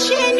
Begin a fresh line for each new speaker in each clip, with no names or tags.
Nation.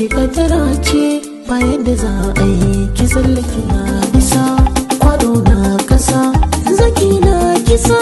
ki kaddara ce bayan da za a yi ki tsallake na bisa kwado na kasa zaki na kisa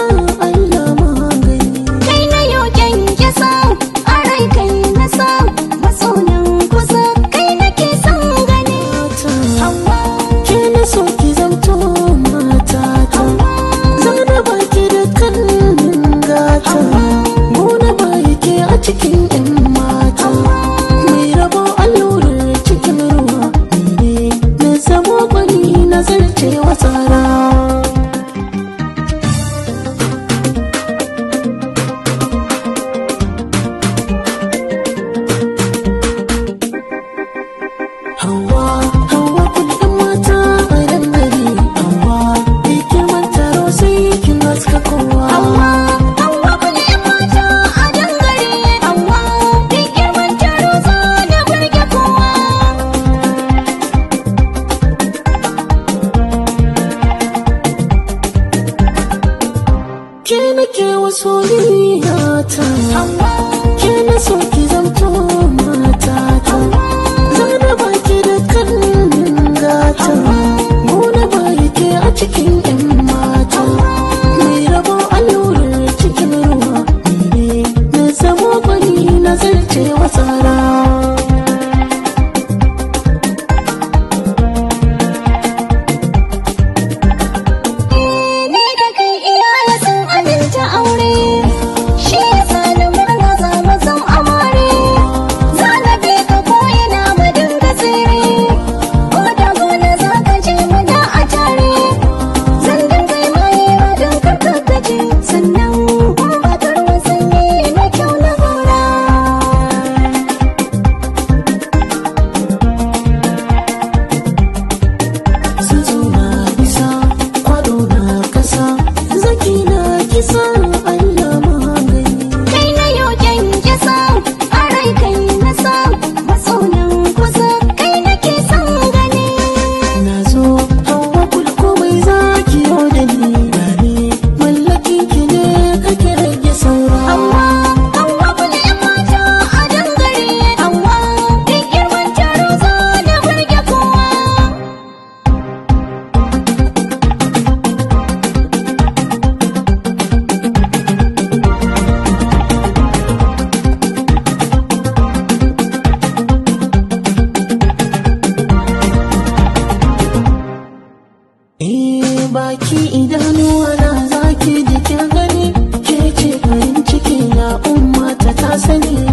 baki idanu na zaki jikin gani ke ce farin ciki na ummata ta sani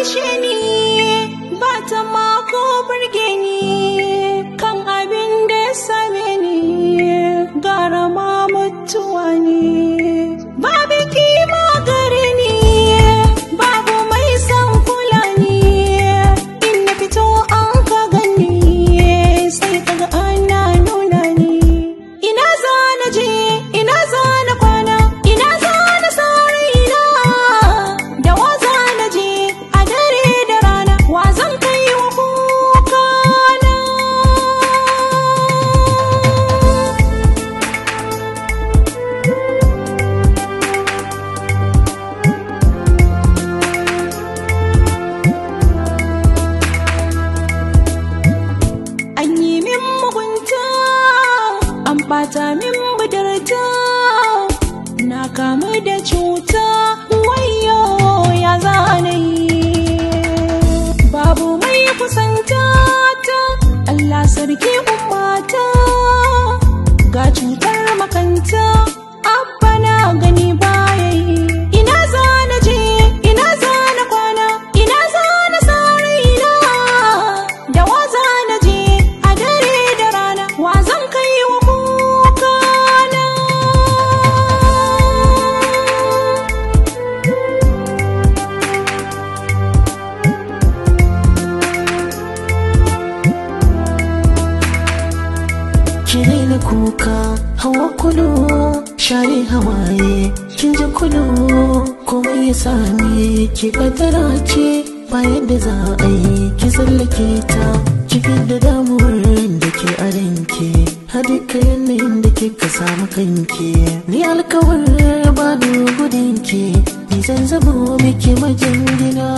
ishe ni ba ta mako burge bata min budurta na kamu da cuta wayo ya zane babu mai kusanta ta Allah sarki ummata ga cuta
hawaye kin ji kudu ko ya sami ki kadara ce bayan da za a yi ki tsallake ta cikin da damuwar da ke a ranke hadi ka yanayin da ka samu kanki ni alkawar ba da gudunki ni zan zama miki majangina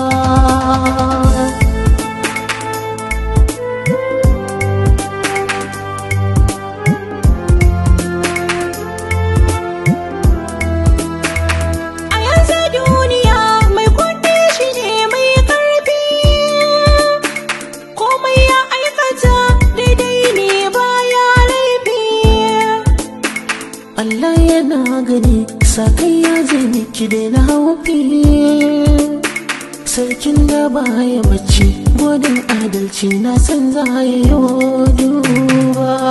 Allah yana gani sakayya
zai miki daina hauki sarkin da baya mace godin adalci na san za ya yi duba